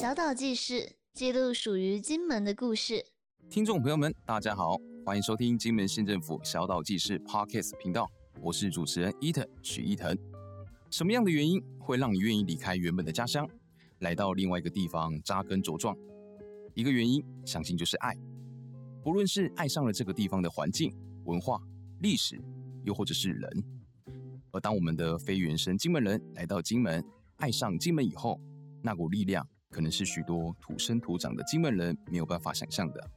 小島記事記錄屬於金門的故事。聽眾朋友們，大家好，歡迎收聽金門縣政府小島記事 Podcast 頻道，我是主持人 Eaton，許翼騰。什麼樣的原因會讓你願意離開原本的家鄉，來到另外一個地方扎根茁壯？一個原因，相信就是愛。不論是愛上了這個地方的環境、文化、歷史，又或者是人。而當我們的非原生金門人來到金門，愛上金門以後，那股力量。可能是許多土生土長的金門人沒有辦法想象的。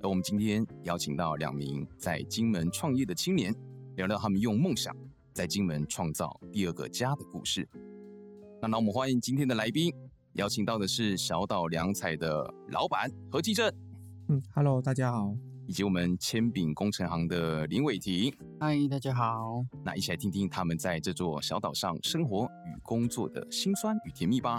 而我們今天邀請到兩名在金門創業的青年，聊聊他們用夢想在金門創造第二個家的故事。那，那我們歡迎今天的來賓，邀請到的是小島良采的老板何繼正，嗯，Hello，大家好。以及我們千秉工程行的林韋廷。嗨，大家好。那一起來聽聽他們在這座小島上生活與工作的辛酸與甜蜜吧。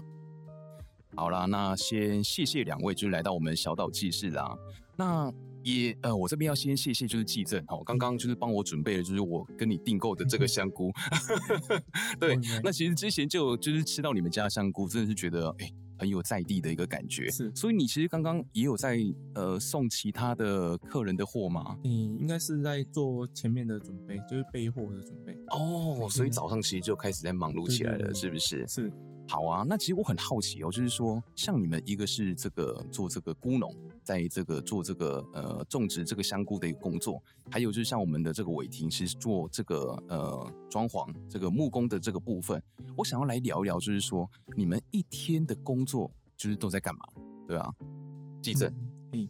好啦，那先謝謝兩位，就是來到我們小島記事啦。那也呃，我這邊要先謝謝就是紀政哈，喔，剛剛就是幫我準備了，就是我跟你訂購的這個香菇。嗯嗯 對嗯嗯，那其實之前就就是吃到你們家的香菇，真的是覺得、欸、很有在地的一個感覺。是，所以你其實剛剛也有在呃送其他的客人的貨嗎？嗯，應該是在做前面的準備，就是備貨的準備。哦，所以早上其實就開始在忙碌起來了，對對對對，是不是？是。好啊，那其實我很好奇哦，就是說，像你們一個是這個做這個菇農，在這個做這個呃種植這個香菇的一個工作，還有就是像我們的這個韋廷，是做這個呃裝潢、這個木工的這個部分，我想要來聊一聊，就是說你們一天的工作就是都在幹嘛？對啊，記者。嗯，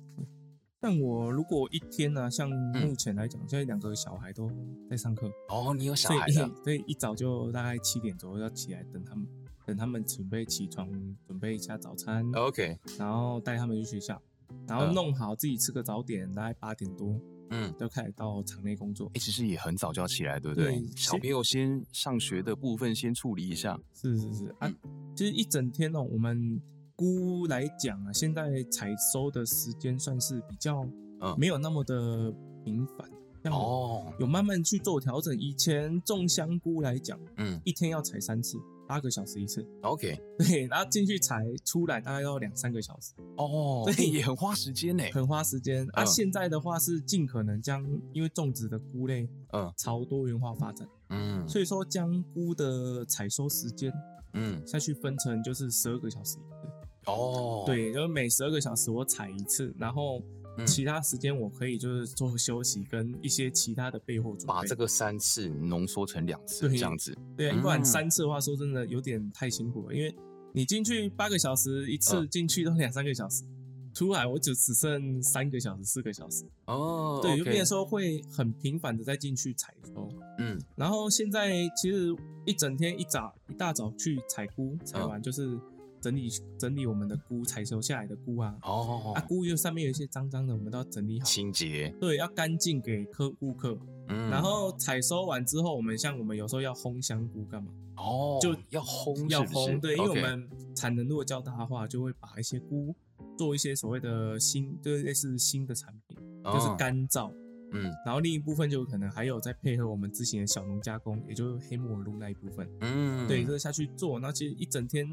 但我如果一天呢，像目前來講，現在兩個小孩都在上課，哦，你有小孩了？所以一早就大概七點左右要起來等他們。等他們準備起床，準備一下早餐，OK，然後帶他們去學校，然後弄好自己吃個早點，來、嗯、八點多，嗯，就開始到場內工作。哎、欸，其實也很早就要起來，對不對,對？小朋友先上學的部分先處理一下。是是是,是，啊、嗯，其實一整天哦、喔，我們菇來講啊，現在採收的時間算是比較，啊，沒有那麼的頻繁，哦、嗯，有慢慢去做調整。以前種香菇來講，嗯，一天要採三次。八個小時一次，OK，對，然後進去採出來大概要兩三個小時哦，oh, 對，也很花時間呢、欸，很花時間。那、嗯啊，現在的話是盡可能將因為種植的菇類，嗯，朝多元化發展，嗯，所以說將菇的採收時間，嗯，下去分成就是十二個小時一次，哦，對，oh. 對就是、每十二個小時我採一次，然後。其他時間我可以就是做休息跟一些其他的背後備貨做，把這個三次濃縮成兩次，這樣子。對、嗯，不然三次的話說真的有點太辛苦了，嗯、因為你進去八個小時一次，進去都兩三個小時，嗯、出來我就只剩三個小時四個小時。哦。對，就、okay、變說會很頻繁的再進去採菇。嗯。然後現在其實一整天一早一大早去採菇採完、嗯、就是。.整理整理我們的菇，採收下來的菇啊，哦、oh, oh,，oh. 啊菇又上面有一些髒髒的，我們都要整理好，清潔，對，要乾淨給客顧客。嗯，然後採收完之後，我們像我們有時候要烘香菇乾嘛？哦、oh,，就要烘是不是，要烘，對，okay. 因為我們產能如果較大的話，就會把一些菇做一些所謂的新，就是類似新的產品，oh. 就是乾燥。嗯，然後另一部分就可能還有在配合我們之前的小農加工，也就是黑木耳露那一部分。嗯，對，這、就是、下去做，然後其實一整天，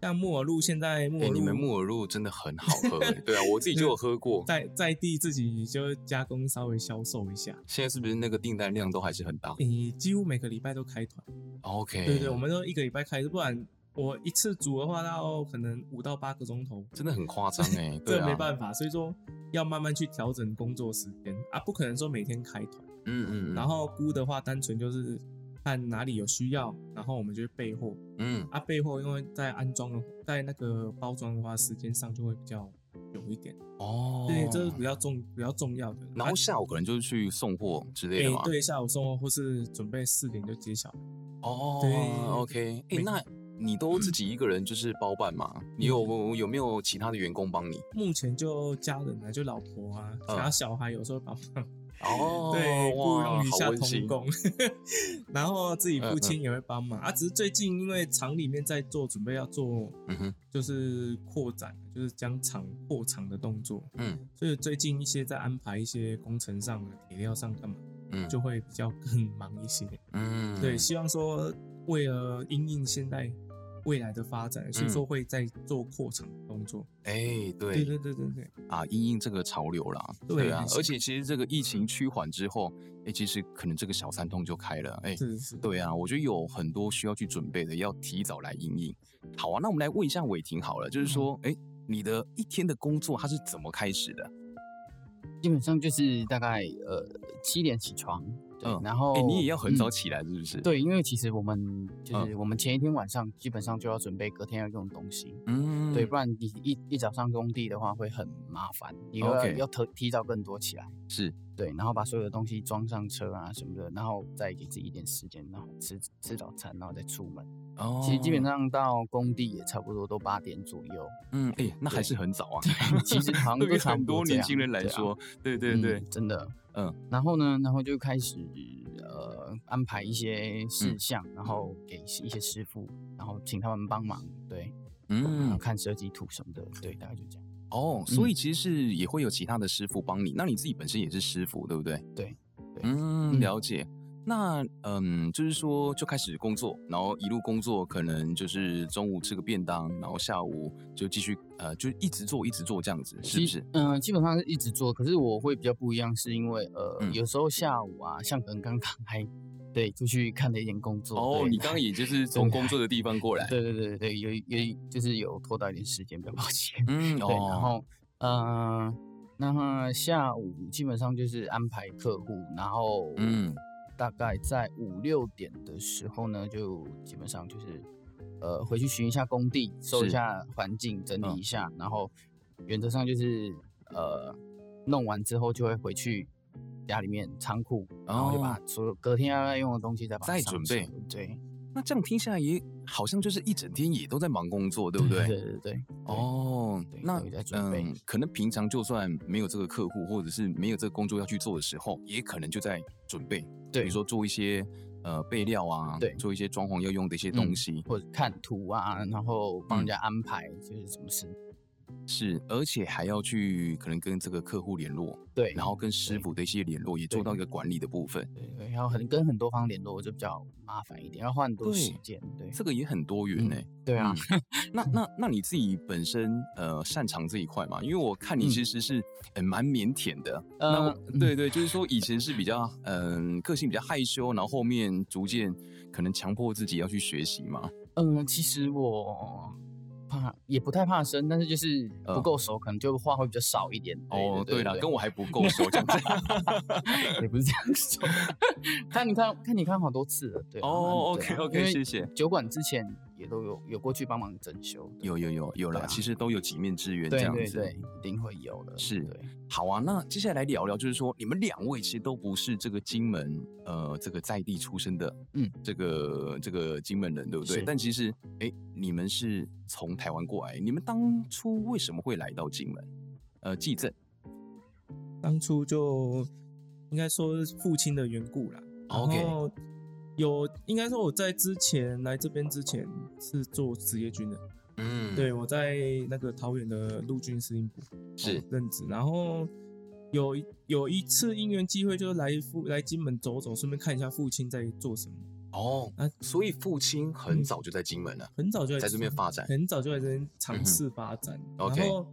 像木耳露現在木耳露、欸，你們木耳露真的很好喝、欸， 對啊，我自己就有喝過，在在地自己就加工稍微銷售一下。現在是不是那個訂單量都還是很大？欸、你幾乎每個禮拜都開團，OK？對，對對，我們都一個禮拜開不然。我一次煮的話，到可能五到八個鐘頭，真的很誇張哎，對啊， 這沒辦法，所以說要慢慢去調整工作時間啊，不可能說每天開團，嗯嗯，嗯。然後菇的話，單純就是看哪裡有需要，然後我們就備貨，嗯。啊，備貨因為在安裝的，在那個包裝的話，時間上就會比較久一點哦，對，這，就是比較重、比較重要的。然後下午可能就去送貨之類的、欸、對，下午送貨或是準備四點就揭曉，哦，對哦，OK，哎、欸、那。你都自己一個人就是包辦嗎？嗯、你有有沒有其他的員工幫你？目前就家人啊，就老婆啊，其、呃、他小孩有時候幫忙。哦， 對，僱傭一下童工， 然後自己父親也會幫忙、呃呃、啊。只是最近因為廠裡面在做準備，要做，嗯哼，就是擴展，就是將廠擴廠的動作，嗯，所以最近一些在安排一些工程上、鐵料上幹嘛，嗯，就會比較更忙一些，嗯，對，希望說為了因應現在未來的發展，所以說會在做擴程的工作。哎、嗯欸，對，對對對對對啊，因應這個潮流啦對。對啊，而且其實這個疫情趨緩之後，哎、嗯欸，其實可能這個小三通就開了。哎、欸，是是,是對啊，我覺得有很多需要去準備的，要提早來因應。好啊，那我們來問一下偉霆好了，就是說，哎、嗯欸，你的一天的工作它是怎麼開始的？基本上就是大概呃七點起床。嗯，然後哎、欸，你也要很早起來，是不是、嗯？對，因為其實我們就是我們前一天晚上基本上就要準備隔天要用的東西，嗯，嗯，嗯、對，不然一一早上工地的話會很麻煩，你就要提、Okay. 提早更多起來，是對，然後把所有的東西裝上車啊什麼的，然後再給自己一點時間，然後吃吃早餐，然後再出門。哦，其實基本上到工地也差不多都八點左右，嗯，哎、欸，那還是很早啊。對，其實對於 很多年輕人來說，對、啊、對對，對、嗯，真的。嗯，然後呢，然後就開始呃安排一些事項，嗯，然後給一些師傅，然後請他們幫忙，對，嗯，看設計圖什麼的，對，大概就這樣。哦，所以其實是也會有其他的師傅幫你，嗯，那你自己本身也是師傅，對不對？對，對。嗯，了解。嗯那嗯，就是說就開始工作，然後一路工作，可能就是中午吃個便當，然後下午就繼續呃，就一直做一直做這樣子，是不是？嗯，基本上是一直做。可是我會比較不一樣，是因為呃、嗯，有時候下午啊，像可能剛剛還對出去看了一點工作哦，你剛剛也就是從工作的地方過來？ 對對對對，對，有有就是有拖到一點時間，比較抱歉。嗯，對。哦、然後嗯、呃，那下午基本上就是安排客戶，然後嗯。大概在五六點的時候呢，就基本上就是，呃，回去巡一下工地，收一下環境，整理一下，嗯、然後原則上就是，呃，弄完之後就會回去家裡面倉庫、哦，然後就把所有隔天要用的東西再，把它再準備。對。那這樣聽下來也好像就是一整天也都在忙工作，對不對？對對對，對。哦、oh，那嗯，可能平常就算沒有這個客戶或者是沒有這個工作要去做的時候，也可能就在準備，對，比如說做一些呃備料啊，對，做一些裝潢要用的一些東西，嗯、或者看圖啊，然後幫人家安排、嗯、就是什麼事。是，而且還要去可能跟這個客戶聯絡，對，然後跟師傅的一些聯絡也做到一個管理的部分，對，對對要很跟很多方聯絡就比較麻煩一點，要花很多時間，對，這個也很多元誒、嗯，對啊， 那、嗯、那那你自己本身呃擅長這一塊嘛？因為我看你其實是、嗯、呃蠻靦腆的，那我、嗯、對，對對，就是說以前是比較嗯、呃、個性比較害羞，然後後面逐漸可能強迫自己要去學習嘛，嗯，其實我。也不太怕生，但是就是不夠熟、呃，可能就話會比較少一點。哦，對了，跟我還不夠熟，這樣子 也不是這樣說。看，你看看你看好多次了，對、啊、哦，對、啊、哦，OK OK，謝謝。酒館之前，也都有有過去幫忙整修，有有有有啦、啊，其實都有幾面之緣這樣子對對對，一定會有的。是對，好啊，那接下來聊聊，就是說你們兩位其實都不是這個金門呃這個在地出生的，嗯，這個這個金門人對不對？但其實哎、欸，你們是從台灣過來，你們當初為什麼會來到金門？呃，記證，當初就應該說父親的緣故了。OK。有，應該說我在之前來這邊之前是做職業軍人的，嗯，對我在那個桃園的陸軍司令部是、哦、任職，然後有有一次因緣機會就，就是來父來金門走走，順便看一下父親在做什麼哦，啊，所以父親很早就在金門了，嗯、很早就在這邊發展，很早就在這邊嘗試發展、嗯，然後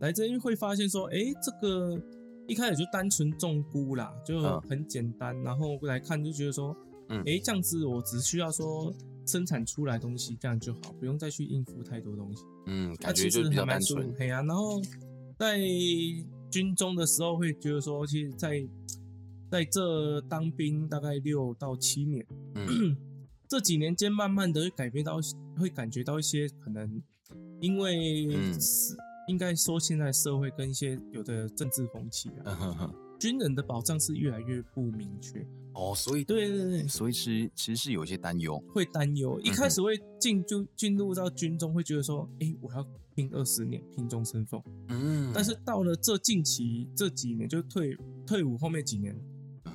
來這邊會發現說，哎、欸，這個一開始就單純種菇啦，就很簡單、嗯，然後來看就覺得說。嗯，誒，這樣子我只需要說生產出來東西這樣就好，不用再去應付太多東西。嗯，他其實是很單純，對啊。然後在軍中的時候會覺得說，其實在在這當兵大概六到七年，嗯，這幾年間慢慢的會改變到，會感覺到一些可能因為是、嗯、應該說現在社會跟一些有的政治風氣啊。呵呵軍人的保障，是越來越不明確哦，所以對對對，所以其實其實是有些擔憂，會擔憂。一開始會進就進入到軍中，會覺得說，哎、欸，我要拼二十年，拼終身俸。嗯，但是到了這近期這幾年，就退退伍後面幾年，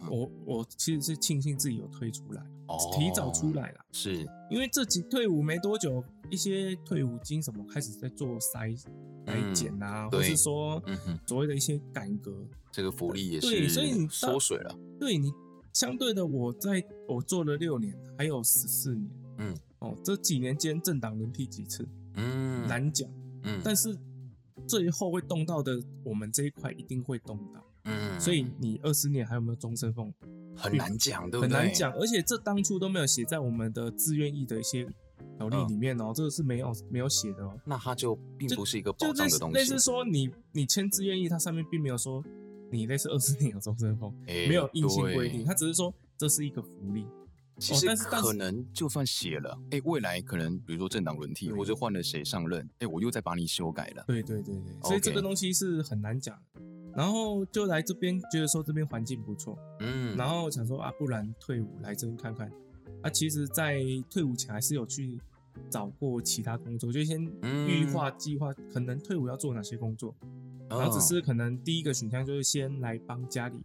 我我其實是慶幸自己有退出來。Oh，提早出來了，是因為這幾退伍沒多久，一些退伍金什麼開始在做篩篩檢啊、嗯，或是說、嗯、所謂的一些改革，這個福利也是對，所以你縮水了。對你相對的，我在我做了六年，還有十四年，嗯哦，這幾年間政黨輪替幾次，嗯，難講，嗯，但是最後會動到的我們這一塊一定會動到，嗯、所以你二十年還有沒有終身俸？很難講，對不對？很難講，而且這當初都沒有寫在我們的自願意的一些條例裡面哦，嗯，這個是沒有沒有寫的喔。那它就並不是一個保障的東西。就就類似說你你簽自願意，它上面並沒有說你類似二十年的終身俸，沒有硬性規定，它只是說，這是一個福利。其實，但是可能就算寫了，哎、哦欸，未來可能比如說政黨輪替，或者換了誰上任，哎、欸，我又再把你修改了。對對對對。所以這個東西是很難講。Okay. 然後就來這邊，覺得說這邊環境不錯，嗯，然後想說啊，不然退伍來這邊看看。啊，其實在退伍前還是有去找過其他工作，就先預化計劃、嗯，可能退伍要做哪些工作，然後只是可能第一個選項就是先來幫家裡。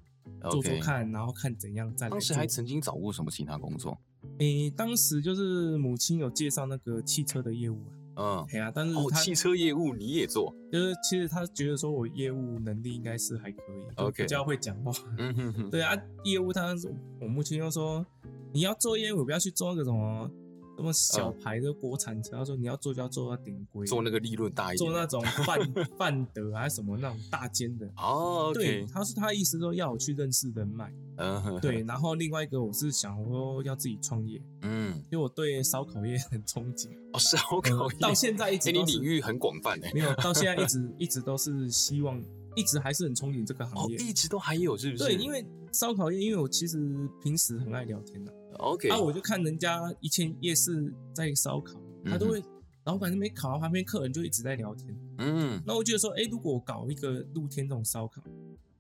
Okay. 做做看，然後看怎樣再來做。當時還曾經找過什麼其他工作？誒、欸，當時就是母親有介紹那個汽車的業務、啊、嗯，對啊，但是、哦、汽車業務你也做，就是其實她覺得說我業務能力應該是還可以，就比較會講話。Okay. 對啊，業務她我母親又說你要做業務，不要去做那種那麼小牌的國產車、嗯，他說你要做就要做到頂規，做那個利潤大一點，做那種範範 德還、啊、是什麼那種大間的。哦，okay、對，他說他意思說要我去認識人脈，嗯，對。然後另外一個我是想說要自己創業，嗯，因為我對燒烤業很憧憬。哦，燒烤業、呃、到現欸、到現在一直，你領域很廣泛的。沒有到現在一直一直都是希望，一直還是很憧憬這個行業，哦、一直都還有是不是？對，因為燒烤業，因為我其實平時很愛聊天的、啊。嗯那、okay. 啊、我就看人家以前夜市在燒烤、嗯，他都會，老闆是沒烤，旁邊客人就一直在聊天。嗯，那我覺得說，哎，如果我搞一個露天這種燒烤、烤，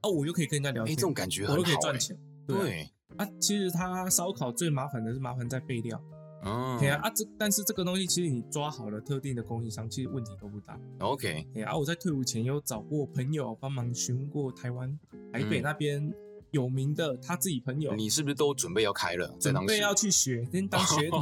啊，我又可以跟人家聊天，這種感覺很好、欸，我就可以賺錢。對，對啊，啊，其實他燒烤、烤最麻煩的是麻煩在備料。哦、嗯，對啊，啊，這但是這個東西其實你抓好了特定的供應商，其實問題都不大。OK，對啊，我在退伍前有找過朋友幫忙詢問過台灣台北那邊。嗯有名的他自己朋友，你是不是都準備要開了？準備要去學，先當學徒，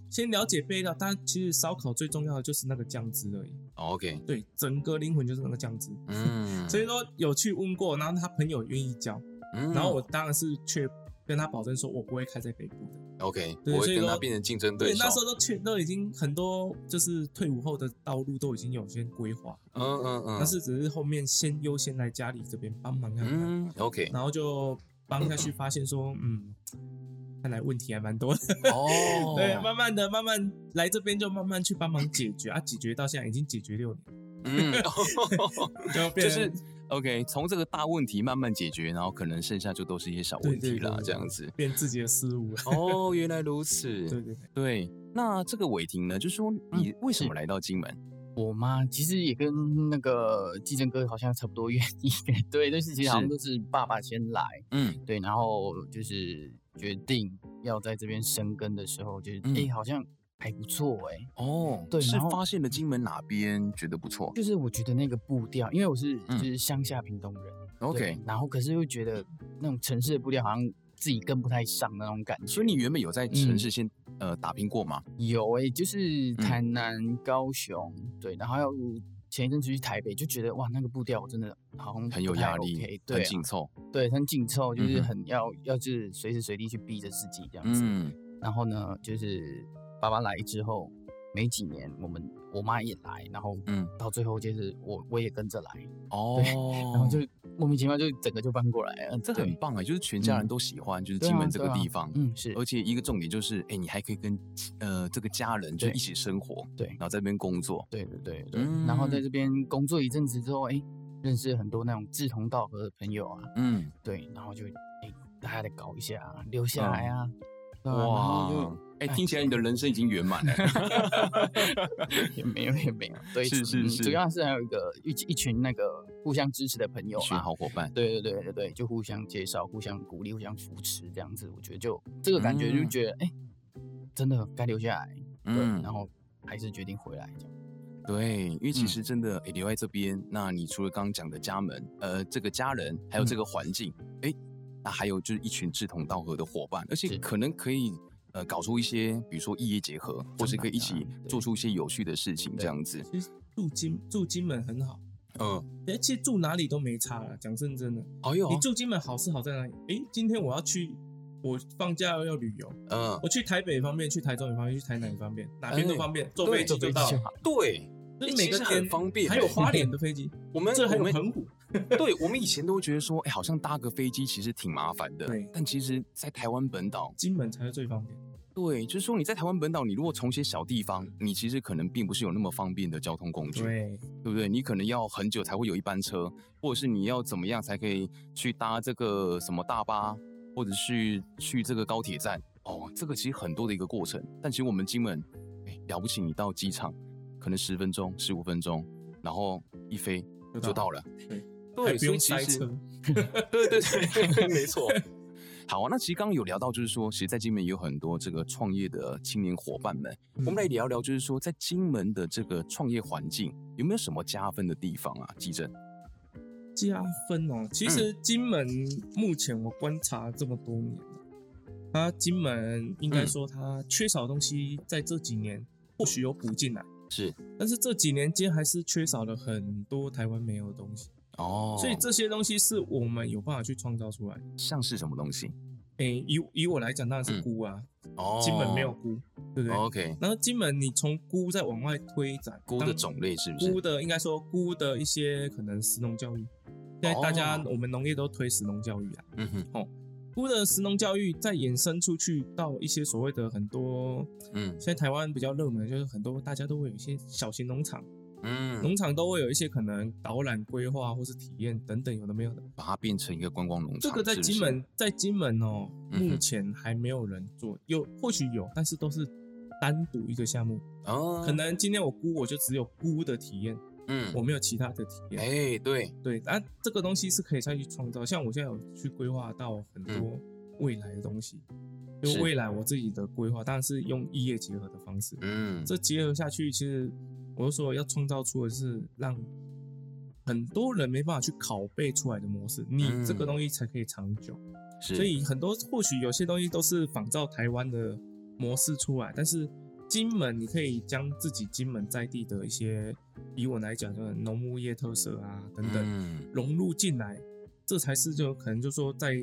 先了解配料。但其實燒烤最重要的就是那個醬汁而已。OK，對，整個靈魂就是那個醬汁。嗯， 所以說有去問過，然後他朋友願意教，嗯，然後我當然是去跟他保證說，我不會開在北部的。OK，對，所以跟他變成競爭對手。那時候都去，都已經很多，就是退伍後的道路都已經有些規劃。嗯嗯嗯。但是只是後面先優先來家裡這邊幫忙看看，嗯，OK。然後就幫下去，發現說嗯嗯，嗯，看來問題還蠻多的。哦。 對，慢慢的，慢慢來這邊就慢慢去幫忙解決、嗯、啊，解決到現在已經解決六年。嗯， 就，就是。OK，從這個大問題慢慢解決，然後可能剩下就都是一些小問題啦，對對對這樣子。變自己的事物。哦、 oh，原來如此。對對對。對那這個韋廷呢？就說你為什麼來到金門？嗯、我媽其實也跟那個紀政哥好像差不多原因。對，但、就是其實好像都是爸爸先來。嗯，對，然後就是決定要在這邊生根的時候，就是哎、嗯欸，好像。還不錯哎哦，oh, 對，是發現了金門哪邊覺得不錯？就是我覺得那個步調，因為我是就是鄉下屏東人、嗯、，OK，然後可是又覺得那種城市的步調好像自己跟不太上的那種感覺。所以你原本有在城市先、嗯、呃打拼過嗎？有哎、欸，就是台南、嗯、高雄，對，然後要前一陣子去台北，就覺得哇，那個步調我真的好 OK, 很有壓力，很緊湊，對，很緊湊、嗯，就是很要要就是隨時隨地去逼着自己這樣子，嗯、然後呢就是。爸爸來之後沒幾年我，我們我媽也來，然後嗯，到最後就是我我也跟着來哦、嗯，然後就莫名其妙就整個就搬過來了，這很棒啊！就是全家人都喜歡，嗯、就是金門這個地方，啊啊、嗯是，而且一個重點就是，哎、欸，你還可以跟呃這個家人就一起生活，對，對然後在這邊工作，對對對對，嗯、然後在這邊工作一陣子之後，哎、欸，認識了很多那種志同道合的朋友啊，嗯對，然後就哎、欸、大家得搞一下留下來啊。嗯哇，哎、欸，聽起來你的人生已經圓滿了，哎、 也沒有也沒有，對，是，是，是主要是還有一個一一群那個互相支持的朋友，一群好夥伴，對對對對對，就互相介紹、互相鼓勵、互相扶持這樣子，我覺得就這個感覺就覺得哎、嗯欸，真的該留下來，嗯，然後還是決定回來這樣，對，因為其實真的你、嗯欸、留在這邊，那你除了剛剛講的家門，呃，這個家人，還有這個環境，哎、嗯。欸那還有就是一群志同道合的夥伴，而且可能可以呃搞出一些，比如說異業結合，啊，或是可以一起做出一些有趣的事情這樣子。其實住金住金門很好，嗯，其實住哪裡都沒差了。講真的，哎、哦、喲、啊、你住金門好是好在哪裡？哎、欸，今天我要去，我放假要旅遊，嗯，我去台北方便，去台中也方便，去台南也方便，哪邊都方便，欸、坐飛機就到。對，對對就是，每個天方便，還有花蓮的飛機， 我們這還有澎 對我們以前都覺得說，哎、欸，好像搭個飛機其實挺麻煩的。對，但其實在台灣本島，金門才是最方便。對，就是說你在台灣本島，你如果從一些小地方，你其實可能並不是有那麼方便的交通工具。對，對不對？你可能要很久才會有一班車，或者是你要怎麼樣才可以去搭這個什麼大巴，或者是去去這個高鐵站？哦，這個其實很多的一個過程。但其實我們金門，哎、欸，了不起，你到機場可能十分鐘、十五分鐘，然後一飛就到了。對，對，不用塞車。 對對對， 沒錯。好啊，那其實剛剛有聊到，就是說，其實，在金門有很多這個創業的青年夥伴們，我們來聊一聊，就是說，在金門的這個創業環境有沒有什麼加分的地方啊？季正加分哦。其實金門目前我觀察這麼多年，他、嗯、金門應該說他缺少的東西，在這幾年或許有補進來，是，但是這幾年間還是缺少了很多台灣沒有的東西。哦、oh.，所以這些東西是我們有辦法去創造出來。像是什麼東西？誒、欸，以以我來講，當然是菇啊，金、嗯、門、oh. 沒有菇，對不對、oh,？OK。然後金門你從菇再往外推展，菇的種類是不是？菇的應該說菇的一些可能，食農教育。現在大家、oh. 我們農業都推食農教育啊，嗯、oh. 哼。哦，菇的食農教育再延伸出去到一些所謂的很多，嗯，現在台灣比較熱門的就是很多大家都會有一些小型農場。農、嗯、場都會有一些可能導覽規劃或是體驗等等，有的沒有的，把它變成一個觀光農場。這個在金門，是是在金門哦、嗯，目前還沒有人做，有或許有，但是都是單獨一個項目。哦，可能今天我菇我就只有菇的體驗，嗯，我沒有其他的體驗。哎、欸，對對，但這個東西是可以再去創造。像我現在有去規劃到很多未來的東西，就、嗯、未來我自己的規劃，當然是用異業結合的方式。嗯，這結合下去其實。我是說，要創造出的是讓很多人沒辦法去拷貝出來的模式，你這個東西才可以長久。所以很多或許有些東西都是仿照台灣的模式出來，但是金門你可以將自己金門在地的一些，以我來講就是農牧業特色啊等等融入進來，這才是，就可能就是說在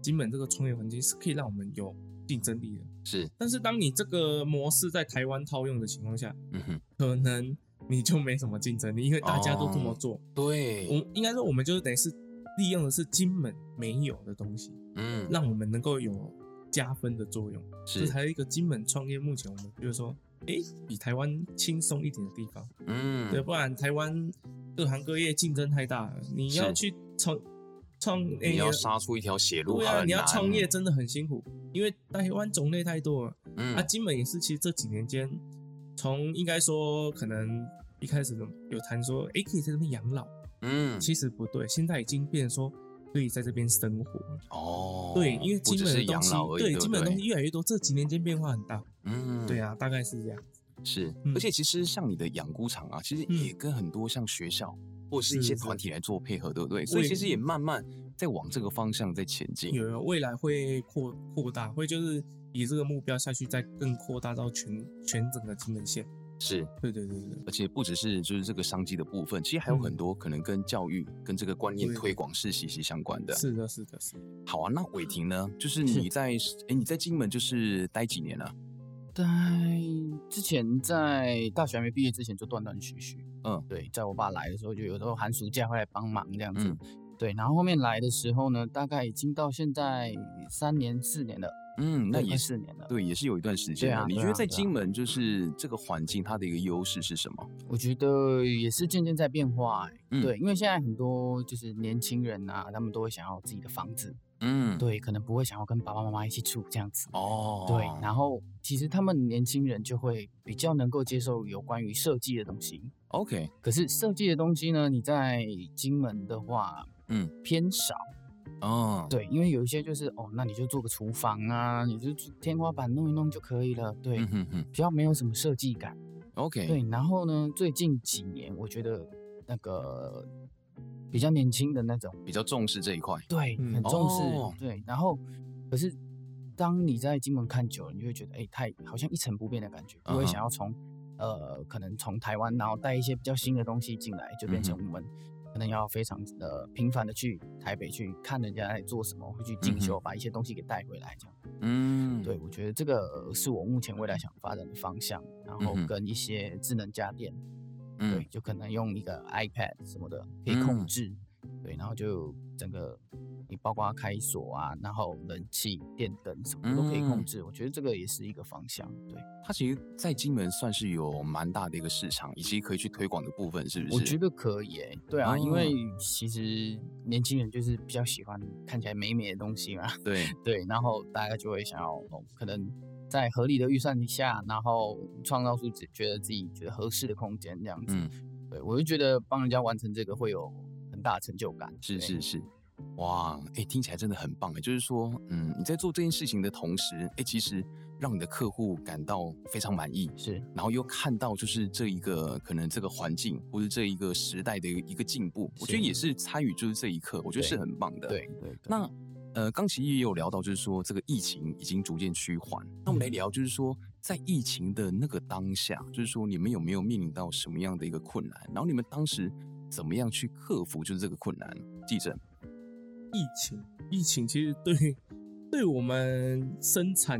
金門這個創業環境是可以讓我們有。競爭力的是，但是當你這個模式在台灣套用的情況下，嗯，可能你就沒什麼競爭力，因為大家都這麼做。Oh, 對，我應該說，我們就等於是利用的是金門沒有的東西，嗯，讓我們能夠有加分的作用，是才一個金門創業。目前我們就是說，哎，欸，比台灣輕鬆一點的地方，嗯，對，不然台灣各行各業競爭太大了，你要去從。創、欸、你要殺出一條血路，對啊，你要創業真的很辛苦，因為台灣種類太多了。嗯，那金門也是，其實這幾年間，從應該說可能一開始有談說，哎、欸，可以在這邊養老。嗯，其實不對，現在已經變成說可以在這邊生活。哦，對，因為金門的東西，對金門的東西越來越多，嗯、越來越多這幾年間變化很大。嗯，對啊，大概是這樣。是、嗯，而且其實像你的養菇廠啊，其實也跟很多像學校。嗯或是一些團體來做配合，是是，對不對？所以其實也慢慢在往這個方向在前進。有未來會擴擴大，會就是以這個目標下去，再更擴大到全全整個金門縣。是，對對對對。而且不只是就是這個商機的部分，其實還有很多可能跟教育、嗯、跟這個觀念推廣是息息相關的，的。是的，是的，是。好啊，那韋廷呢？就是你在哎你在金門就是待幾年了？待之前在大學還沒畢業之前就斷斷續續。嗯，對，在我爸來的時候就有時候寒暑假會來幫忙這樣子，嗯，對。然後後面來的時候呢，大概已經到現在三年四年了，嗯，那也是四年了，對，也是有一段時間了對，啊對啊對啊。你覺得在金門就是這個環境它的一個優勢是什麼？啊啊啊，我覺得也是漸漸在變化，欸嗯，對，因為現在很多就是年輕人啊，他們都會想要自己的房子。嗯、mm.，對，可能不會想要跟爸爸媽媽一起住這樣子哦。Oh. 對，然後其實他們年輕人就會比較能夠接受有關於設計的東西。OK，可是設計的東西呢？你在金門的話，嗯、mm.，偏少哦。Oh. 對，因為有一些就是哦，那你就做個廚房啊，你就天花板弄一弄就可以了。對，mm -hmm. 比較沒有什麼設計感。OK，對，然後呢，最近幾年我覺得那個。比較年輕的那種，比較重視這一塊，對、嗯，很重視、哦，對。然後，可是當你在金門看久了，你就會覺得，哎、欸，太好像一成不變的感覺。會想要從、哦，呃，可能從台灣，然後帶一些比較新的東西進來，就變成我們可能要非常的頻繁的去台北去看人家在做什麼，會去進修、嗯，把一些東西給帶回來這樣。嗯，對，我覺得這個是我目前未來想發展的方向，然後跟一些智能家電，嗯、對，就可能用一個 iPad 什麼的可以控制，嗯、對，然後就整個你包括開鎖啊，然後冷氣、電燈什麼都可以控制、嗯，我覺得這個也是一個方向。對，它其實，在金門算是有蠻大的一個市場，以及可以去推廣的部分，是不是？我覺得可以、欸，對啊，、嗯、啊，因為其實年輕人就是比較喜歡看起來美美的東西嘛。對對，然後大家就會想要哦，可能。在合理的預算下，然後創造出自己覺得自己覺得合適的空間，這樣子。嗯、對，我就覺得幫人家完成這個會有很大的成就感。是是是，哇，哎、欸，聽起來真的很棒哎，就是說，嗯，你在做這件事情的同時，哎、欸，其實讓你的客戶感到非常滿意，是，然後又看到就是這一個可能這個環境或者這一個時代的一個進步，我覺得也是參與就是這一刻，我覺得是很棒的。對對，對，對，那。呃，剛其實也有聊到，就是說這個疫情已經逐漸趨緩。那我們來聊，就是說在疫情的那個當下，嗯、就是說你們有沒有面臨到什麼樣的一個困難？然後你們當時怎麼樣去克服？就是這個困難，記者，疫情，疫情其實對，對我們生產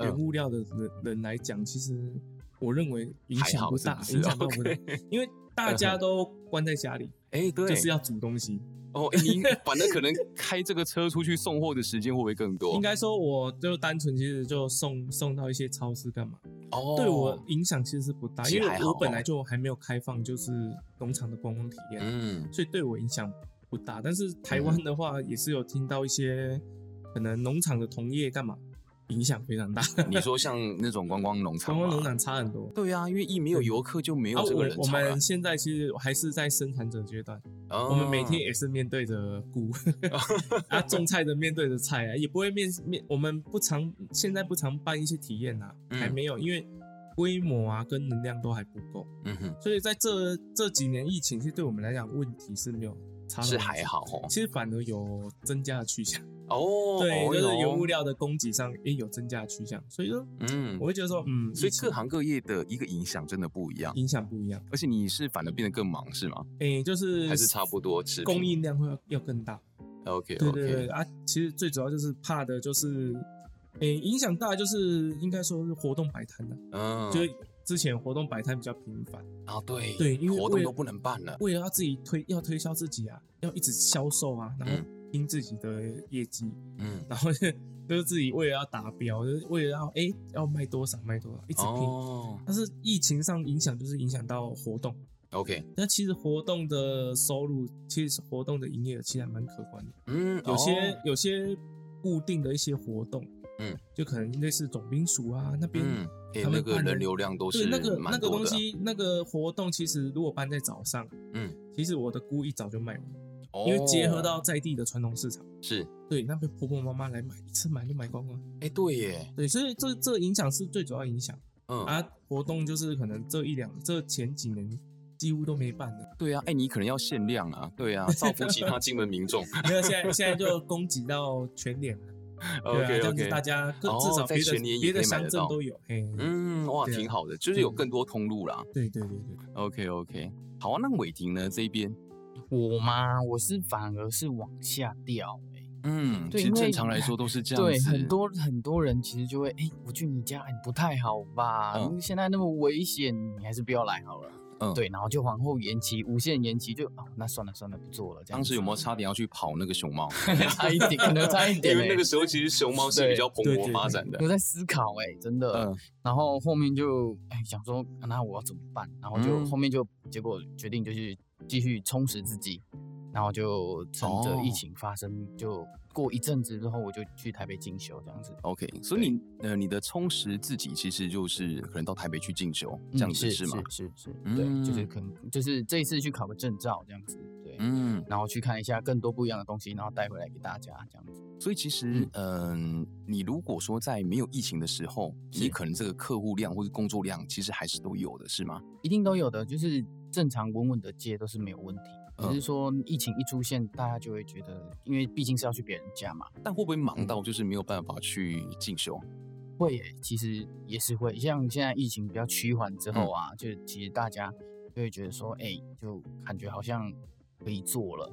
原物料的人、呃、人來講，其實我認為影響不大，影響不大，影響不大、okay、因為大家都關在家裡，哎，對，就是要煮東西。欸哦、oh, 欸，你反正可能開這個車出去送貨的時間會不會更多？ 應該說，我就單純其實就送送到一些超市幹嘛。哦、oh，對我影響其實是不大，因為我本來就還沒有開放就是農場的觀光體驗，嗯，所以對我影響不大。但是台灣的話，也是有聽到一些可能農場的同業幹嘛。影響非常大。你說像那種觀光農場，觀光農場差很多。對啊，因為一沒有遊客，就沒有這個人啊啊我。我們現在其實還是在生產者階段，哦、我們每天也是面對着菇、哦、 啊，種菜的面對着菜啊，也不會面 面。我們不常現在不常辦一些體驗啊。嗯、還沒有，因為規模啊跟能量都還不夠。嗯哼。所以在這這幾年疫情，其實對我們來講，問題是沒有差。是還好、哦、其實反而有增加的去向。哦、oh, 對，oh, no. 就是有物料的供給上也有增加的趨向，所以說，嗯，我會覺得說嗯，嗯，所以各行各業的一個影響真的不一樣，影響不一樣。而且你是反而變得更忙是嗎？哎、欸、就是還是差不多，供應量會要更大。OK，對對對、okay. 啊，其實最主要就是怕的就是，誒、欸，影響大就是應該說是活動擺攤的，嗯，就是之前活動擺攤比較頻繁啊，對對，因為，為活動都不能辦了，為了要自己推，要推銷自己啊，要一直銷售啊，然後、嗯。拼自己的業績，嗯，然後就都、是就是自己為了要達標，就是為了哎要，要賣多少賣多少，一直拼、哦。但是疫情上影響就是影響到活動，OK。那、哦、其實活動的收入，其實活動的營業額其實還蠻可觀的，嗯，有些、哦、有些固定的一些活動，嗯，就可能類似總兵署啊那邊，嗯，那個人流量都是多的、啊、對那個那個東西那個活動，其實如果辦在早上，嗯，其實我的菇一早就賣完。因為結合到在地的傳統市場，是對那邊婆婆媽媽來買一次買就買光光，哎、欸，對耶，對，所以這這影響是最主要影響。嗯，啊，活動就是可能這一兩這前幾年幾乎都沒辦了。對呀、啊，哎、欸，你可能要限量啊，對呀、啊，造福其他金門民眾。 沒有，現在現在就供給到全年了。 啊、OK okay 這樣子大家至少別的別、oh, 的鄉鎮都有。嘿、欸，嗯，哇、啊，挺好的，就是有更多通路啦。對對對對,對，OK OK，好啊，那韋廷呢這邊？我嗎？我是反而是往下掉，欸、嗯，對，其實正常來說都是這樣子。對，很多很多人其實就會，哎、欸，我去你家，你不太好吧？嗯，現在那麼危險，你還是不要來好了。嗯，對，然後就往後延期，無限延期就、就哦，那算了算了、算了，不做了。當時有沒有差點要去跑那個熊貓？ 差一點，可能差一點，欸？ 因為那個時候其實熊貓是比較蓬勃發展的。對對對對，我在思考，哎、欸，真的，嗯。然後後面就哎、欸，想說，那我要怎麼辦？然後就，嗯，後面就結果決定就是。繼續充實自己，然後就趁着疫情發生，oh. 就過一陣子之後，我就去台北進修這樣子。OK，所以你呃，你的充實自己其實就是可能到台北去進修這樣子是嗎？嗯、是是是，是，對、嗯，就是可能就是這一次去考個證照這樣子，對，嗯，然後去看一下更多不一樣的東西，然後帶回來給大家這樣子。所以其實嗯、呃，你如果說在沒有疫情的時候，你可能這個客戶量或者工作量其實還是都有的是嗎？一定都有的，就是。正常穩穩的接都是沒有問題，只是說疫情一出現，大家就會覺得，因為畢竟是要去別人家嘛。但會不會忙到就是沒有辦法去進修？會耶，其實也是會。像現在疫情比較趨緩之後啊，就其實大家就會覺得說，哎，就感覺好像可以做了。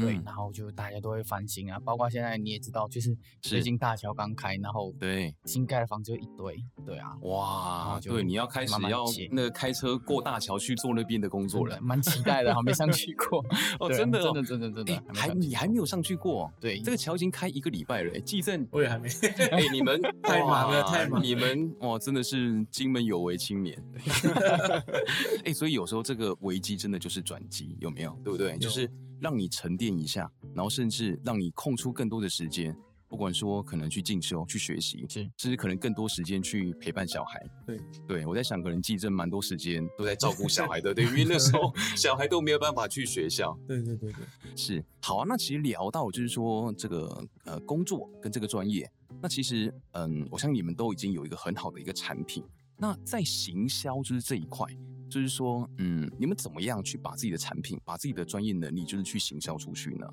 對，然後就大家都會翻新啊，包括現在你也知道，就是最近大橋剛開，然後對，新蓋的房子就一堆，對啊，哇，對，你要開始要慢慢那個、開車過大橋去做那邊的工作了，蠻期待的，沒上去過， 哦，真的、哦，真的，真的，真的，還你還，還沒有上去過，對，這個橋已經開一個禮拜了、欸，紀證我也還沒，哎、 欸，你們太忙了，太忙了，你們哦，真的是金門有為青年，哎、 欸，所以有時候這個危機真的就是轉機，有沒有？對不對？就是。讓你沉澱一下，然後甚至讓你空出更多的時間，不管說可能去進修、去學習，是，甚至可能更多時間去陪伴小孩。對，對我在想，可能記者蠻多時間都在照顧小孩的，對對，對，因為那時候小孩都沒有辦法去學校。對對對對，是。好啊，那其實聊到就是說這個呃工作跟這個專業，那其實嗯，我相信你們都已經有一個很好的一個產品。那在行銷就是這一塊。就是說，嗯，你們怎麼樣去把自己的產品、把自己的專業能力，就是去行銷出去呢？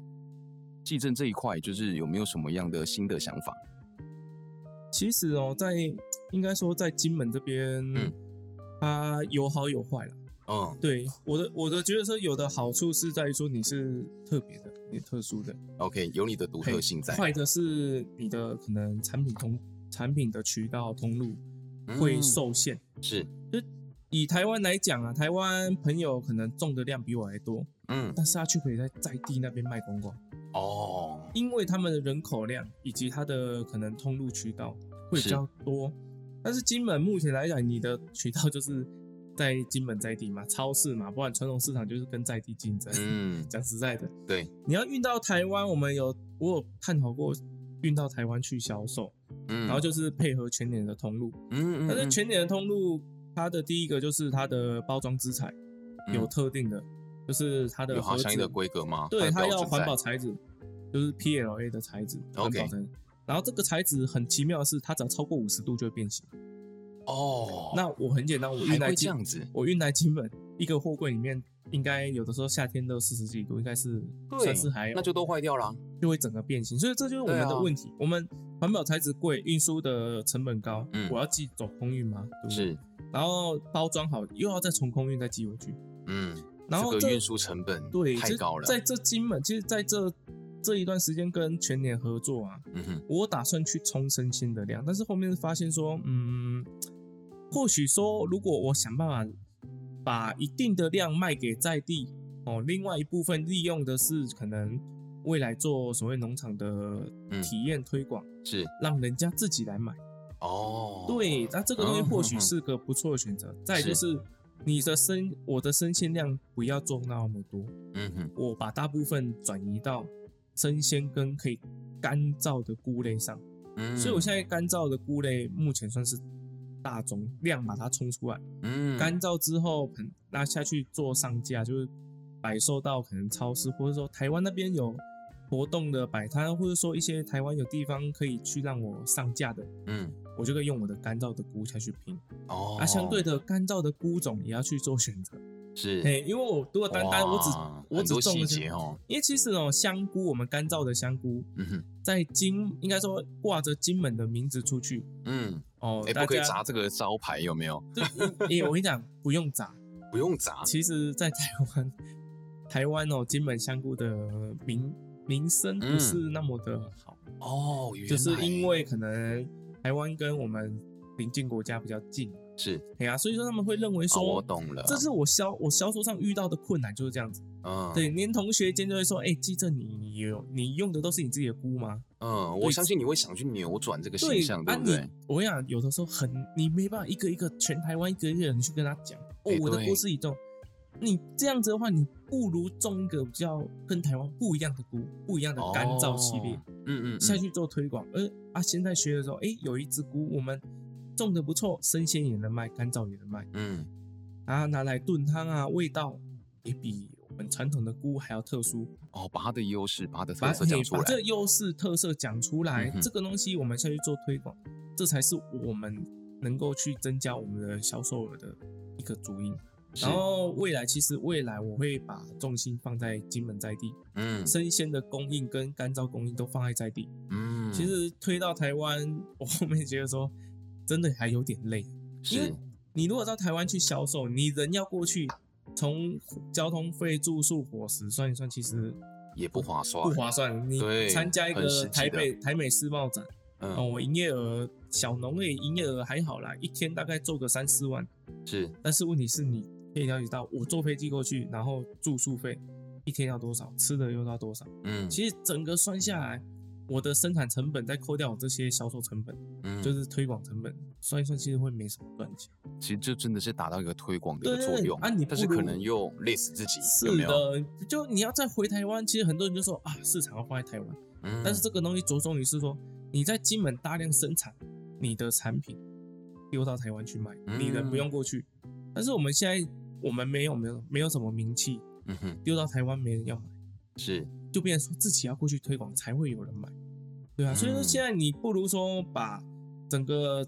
寄證這一塊，就是有沒有什麼樣的新的想法？其實哦、喔，在應該說，在金門這邊，它、嗯啊、有好有壞了。嗯，對，我的我的覺得說，有的好處是在於說你是特別的、你特殊的，OK，有你的獨特性在。壞、okay, 的是你的可能產品通產品的渠道通路會受限，嗯、是。以台灣來講啊，台灣朋友可能種的量比我還多，嗯，但是他卻可以在在地那邊賣公共哦，因為他們的人口量以及他的可能通路渠道會比較多，是。但是金門目前來講，你的渠道就是在金門在地嘛，超市嘛，不管傳統市場就是跟在地競爭，嗯，講實在的，對，你要運到台灣，我們有我有探討過運到台灣去銷售，嗯，然後就是配合全年的通路，嗯嗯，嗯，但是全年的通路。它的第一個就是它的包裝資材有特定的，嗯、就是它的盒子，有好相應的規格嗎？對，它要環保材質，就是 PLA 的材質環保材質、okay。然後這個材質很奇妙的是，它只要超過五十度就會變形。哦、oh，那我很簡單，我運來這樣子，我運來基本一個貨櫃裡面，應該有的時候夏天都四十幾度，應該是算是還、OK、那就都壞掉了，就會整個變形。所以這就是我們的問題，哦、我們環保材質貴，運輸的成本高，嗯、我要寄走空運嗎對不對？是。然後包裝好，又要再從空運再寄回去，嗯，然後、這個、運輸成本對太高了。在這金門，其實在這這一段時間跟全年合作啊、嗯，我打算去衝生鮮的量，但是後面發現說，嗯，或許說如果我想辦法把一定的量賣給在地，哦，另外一部分利用的是可能未來做所謂農場的體驗推廣，嗯嗯、是讓人家自己來買。哦、oh,，對、那、啊、這個東西或許是個不錯的選擇。Oh, 再就是你的生，我的生鮮量不要做那麼多。嗯哼，我把大部分轉移到生鮮跟可以乾燥的菇類上。Mm -hmm. 所以我現在乾燥的菇類目前算是大宗量把它衝出來。嗯、mm -hmm.，乾燥之後拉下去做上架，就是擺售到可能超市，或者說台灣那邊有活動的擺攤，或者說一些台灣有地方可以去讓我上架的。嗯、mm -hmm.。我就可以用我的乾燥的菇下去拼哦，oh. 啊、相對的乾燥的菇種也要去做選擇，是，哎、欸，因為我如果單單我只我只種了、就是，很多細些哦，因為其實哦，香菇我們乾燥的香菇，嗯哼，在金應該說掛着金門的名字出去，嗯，哦，哎、欸，不可以砸這個招牌有沒有？對，哎、 欸，我跟你講，不用砸，不用砸。其實，在台灣，台灣哦，金門香菇的名名聲不是那麼的、嗯、好哦，就是因為可能。台灣跟我們鄰近國家比較近，是，對啊，所以說他們會認為說，哦、我懂了，這是我銷我銷售上遇到的困難就是這樣子，嗯、對，連同學間都會說，哎、欸，記正你有你用的都是你自己的菇嗎？嗯，我相信你會想去扭轉這個現象，對不對？對對啊、你我跟你講有的時候，很你沒辦法一個一個全台灣一個一個人去跟他講、喔欸，我的故事一種，你這樣子的話你。不如種一個比較跟台灣不一樣的菇，不一樣的乾燥系列，嗯、哦、嗯，下去做推廣。呃、嗯嗯，啊，現在學的時候，誒、欸，有一隻菇我們種的不錯，生鮮也能賣，乾燥也能賣，嗯，啊，然後拿來燉湯啊，味道也比我們傳統的菇還要特殊哦。把它的優勢、把它的特色講出來，把把這優勢特色講出來、嗯，這個東西我們下去做推廣，這才是我們能夠去增加我們的銷售額的一個主因。然後未來其實未來我會把重心放在金門在地，嗯，生鮮的供應跟乾燥供應都放在在地，嗯，其實推到台灣，我後面覺得說真的還有點累，是因為你如果到台灣去銷售，你人要過去，從交通費、住宿、伙食算一算，其實不也不划算，不划算。不划算你參加一個台北台北世貿展，嗯，我、喔、營業額小農業營業額還好啦，一天大概做個三四萬，是，但是問題是你。可以了解到，我坐飛機過去，然後住宿費一天要多少，吃的又要多少。嗯，其實整個算下來，我的生產成本再扣掉我這些銷售成本，嗯，就是推廣成本，算一算其實會沒什麼賺錢。其實就真的是達到一個推廣的作用啊，你不！你但是可能又累死自己。是的有有，就你要再回台灣，其實很多人就說啊，市場要放在台灣。嗯，但是這個東西着重於是說，你在金門大量生產你的產品，丟到台灣去賣，嗯，你人不用過去。但是我們現在我們沒有沒有沒有什麼名氣，嗯哼，丟到台灣沒人要買，是，就變成說自己要過去推廣才會有人買，對啊，嗯，所以說現在你不如說把整個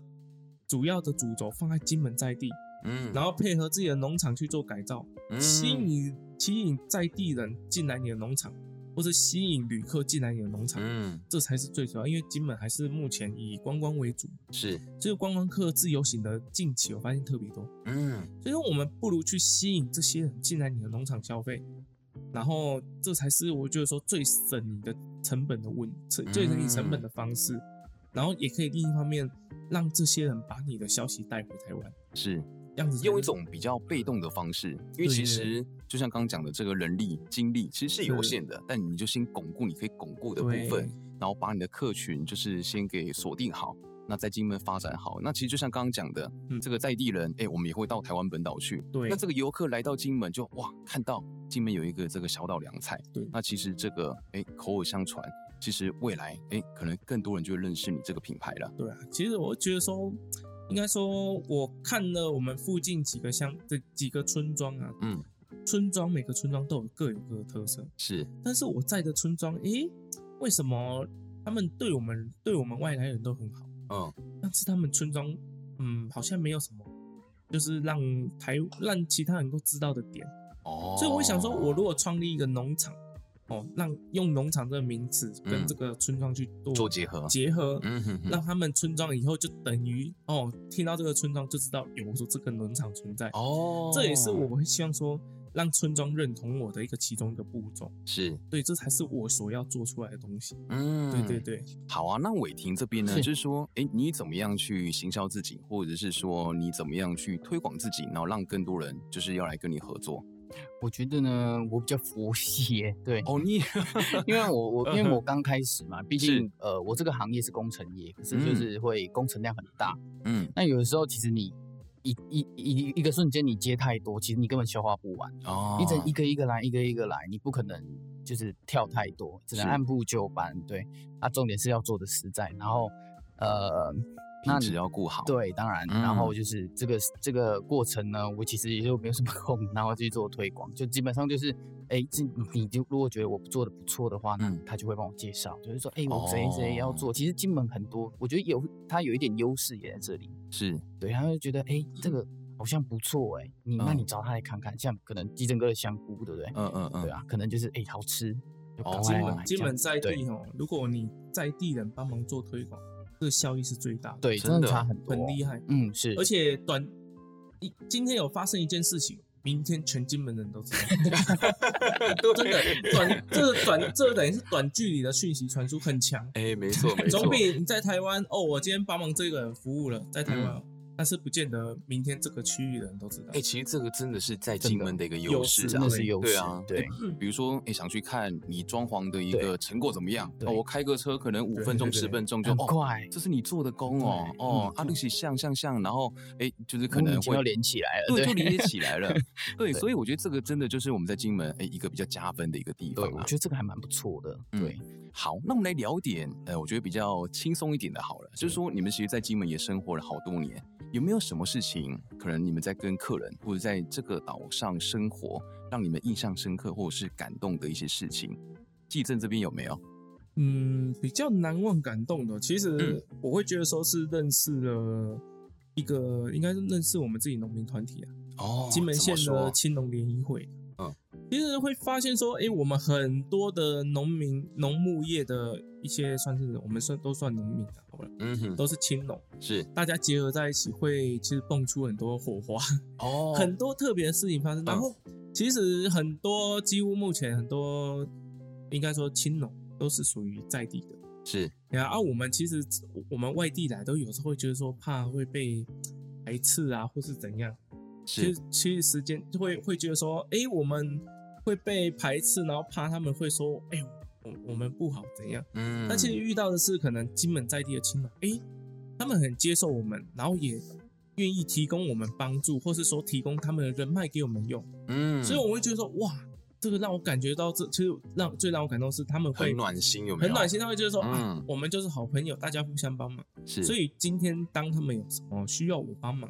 主要的主軸放在金門在地，嗯，然後配合自己的農場去做改造，嗯，吸引吸引在地人進來你的農場。或者吸引旅客進來你的農場，嗯，這才是最主要，因為金門還是目前以觀光為主，是，所以觀光客、自由行的近期我發現特別多，嗯，所以說我們不如去吸引這些人進來你的農場消費，然後這才是我覺得說最省你的成本的問題，嗯、最省你成本的方式，然後也可以另一方面讓這些人把你的消息帶回台灣，是，讓用一種比較被動的方式，嗯、因為其實。就像剛剛講的，這個人力精力其實是有限的，但你就先鞏固你可以鞏固的部分，然後把你的客群就是先給鎖定好，那在金門發展好。那其實就像剛剛講的，嗯，這個在地人，哎，欸，我們也會到台灣本島去。對。那這個遊客來到金門就哇，看到金門有一個這個小島良采。對。那其實這個哎，欸，口耳相傳，其實未來哎，欸，可能更多人就會認識你這個品牌了。對啊，其實我覺得說，應該說我看了我們附近幾個鄉這幾個村莊啊，嗯。村莊每個村莊都有各有各的特色，是。但是我在的村莊，誒、欸，為什麼他們對我們對我們外來人都很好？嗯，但是他們村莊，嗯，好像沒有什麼，就是讓台讓其他人都知道的點。哦。所以我想說，我如果創立一個農場，哦，讓用農場這個名詞跟這個村莊去做結合，結合，嗯哼，讓他們村莊以後就等於哦，聽到這個村莊就知道有說這個農場存在。哦。這也是我會希望說。讓村莊認同我的一個其中一個步驟，是對，這才是我所要做出來的東西。嗯，對對對。好啊，那韋廷這邊呢，是就是說，哎，你怎麼樣去行銷自己，或者是說你怎麼樣去推廣自己，然後讓更多人就是要來跟你合作？我覺得呢，我比較佛系耶。對，哦、oh，你 因為我我因為我剛開始嘛， 畢竟呃，我這個行業是工程業，可是就是會工程量很大。嗯，那有的時候其實你。一一一一,一個瞬間，你接太多，其實你根本消化不完。哦。一直一個一個來，一個一個來，你不可能就是跳太多，只能按部就班。對。啊，重點是要做的實在，然後，呃，那你品質要顧好。對，當然。然後就是這個、嗯、這個過程呢，我其實也就沒有什麼空，然後去做推廣，就基本上就是。哎、欸，這你就如果覺得我做的不錯的話，那他就會幫我介紹、嗯，就是說，哎、欸，我誰誰要做、哦，其實金門很多，我覺得有他有一點優勢也在這裡，是對，他就覺得，哎、欸，這個好像不錯、欸，哎、嗯，你那你找他來看看，像可能基正哥的香菇，對不對？嗯嗯嗯，對啊，可能就是，哎、欸，好吃。金門金門在地哦，如果你在地人幫忙做推廣，這個效益是最大的，對，真的差很多，很厲害，嗯是。而且短，今天有發生一件事情，明天全金門人都知道。 對真的，短這個短，這等於是短距離的訊息傳輸很強。哎，沒錯，總比你在台灣哦，我今天幫忙這個服務了，在台灣。嗯但是不見得明天這個區域的人都知道。哎、欸，其實這個真的是在金門的一個優勢啊，對啊，對。對嗯、比如說，哎、欸，想去看你裝潢的一個成果怎麼樣？喔、我開個車可能五分鐘十分鐘就，很快、喔。這是你做的工哦、喔，哦，阿律師像像像，然後哎、欸，就是可能要連起來了，對，對就連接起來了 對對。對，所以我覺得這個真的就是我們在金門哎、欸、一個比較加分的一個地方。對，我覺得這個還蠻不錯的對對。對，好，那我們來聊一點哎、呃，我覺得比較輕鬆一點的好了。就是說，你們其實，在金門也生活了好多年。有沒有什麼事情可能你們在跟客人或者在這個島上生活，讓你們印象深刻或者是感動的一些事情？地震這邊有沒有？嗯，比較難忘感動的，其實我會覺得說是認識了一個，應該是認識我們自己農民團體啊，哦，金門縣的青農聯誼會。其實會發現說，哎、欸，我們很多的農民、農牧業的一些，算是我們算都算農民的，好吧？嗯哼，都是青農，是，大家結合在一起，會其實蹦出很多火花哦，很多特別的事情發生。然後，其實很多、嗯，幾乎目前很多，應該說青農都是屬於在地的，是。然、啊、後我們其實我們外地來，都有時候會覺得說怕會被排斥啊，或是怎樣。是，其實，其實時間就會會覺得說，哎、欸，我們。會被排斥，然後怕他們會說，哎呦，我我們不好怎樣？嗯，但其實遇到的是可能金門在地的親民，哎，他們很接受我們，然後也願意提供我們幫助，或是說提供他們的人脈給我們用。嗯，所以我會覺得說，哇，這個讓我感覺到這，這其實讓最讓我感動是他們會暖心，有沒有？很暖心，他會覺得說、嗯、啊，我們就是好朋友，大家互相幫忙。是，所以今天當他們有什麼需要我幫忙，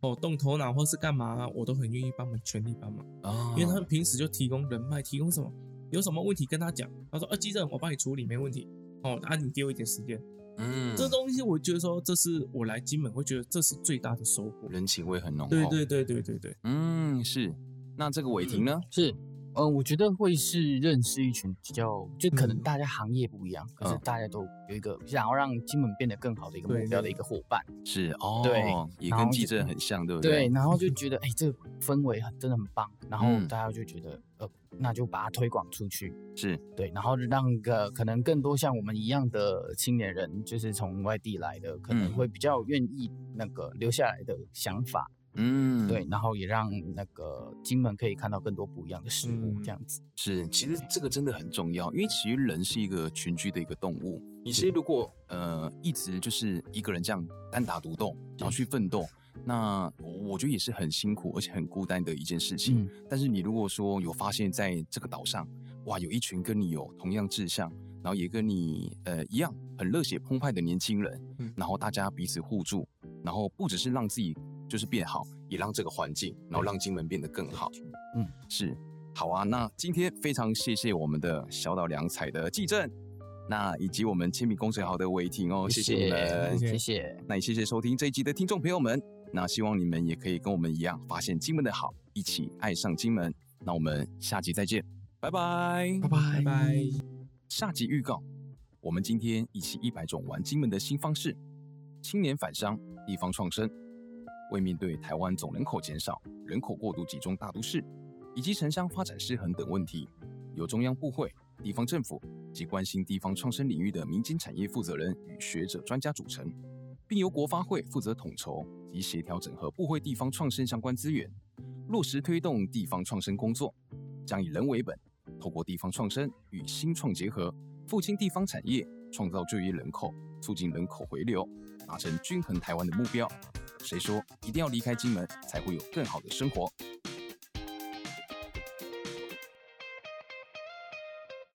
哦，動頭腦或是幹嘛，我都很願意幫忙，全力幫忙啊、哦。因為他們平時就提供人脈，提供什麼，有什麼問題跟他講，他說啊，吉鎮我幫你處理，沒問題。哦，那、啊、你給我一點時間。嗯，這東西我覺得說，這是我來金門會覺得這是最大的收穫，人情味很濃。對對對對對對，對，嗯，是。那這個韋廷呢、嗯？是。嗯、呃，我覺得會是認識一群比較，就可能大家行業不一樣、嗯，可是大家都有一個想要讓金門變得更好的一個目標的一個伙伴，是哦，對，哦、也跟記者很像，對不對？對，然後就覺得，哎，這個氛圍很真的很棒，然後大家就覺得，嗯、呃，那就把它推廣出去，是對，然後讓個可能更多像我們一樣的青年人，就是從外地來的，可能會比較願意那個留下來的想法。嗯，對，然後也讓那個金門可以看到更多不一樣的事物，嗯、這樣子是，其實這個真的很重要，因為其實人是一個群居的一個動物。你其實如果呃一直就是一個人這樣單打獨鬥，然後去奮鬥，那我覺得也是很辛苦而且很孤單的一件事情。嗯、但是你如果說有發現，在這個島上，哇，有一群跟你有同樣志向，然後也跟你呃一樣很熱血澎湃的年輕人，然後大家彼此互助，嗯、然後不只是讓自己。就是變好，也讓這個環境，然後讓金門變得更好。嗯，是，好啊。那今天非常謝謝我們的小島良采的紀政，那以及我們千秉工程行的韋廷哦，謝謝你們，謝謝。那也謝謝收聽這一集的聽眾朋友們。那希望你們也可以跟我們一樣，發現金門的好，一起愛上金門。那我們下集再見，拜拜，拜拜，下集預告：我們今天一起一百種玩金門的新方式，青年返鄉，地方創生。為面對台灣總人口減少、人口過度集中大都市，以及城鄉發展失衡等問題，由中央部會、地方政府及關心地方創生領域的民間產業負責人與學者專家組成，並由國發會負責統籌及協調整合部會地方創生相關資源，落實推動地方創生工作，將以人為本，透過地方創生與新創結合，復興地方產業，創造就業人口，促進人口回流，達成均衡台灣的目標。誰說一定要離開金門才會有更好的生活？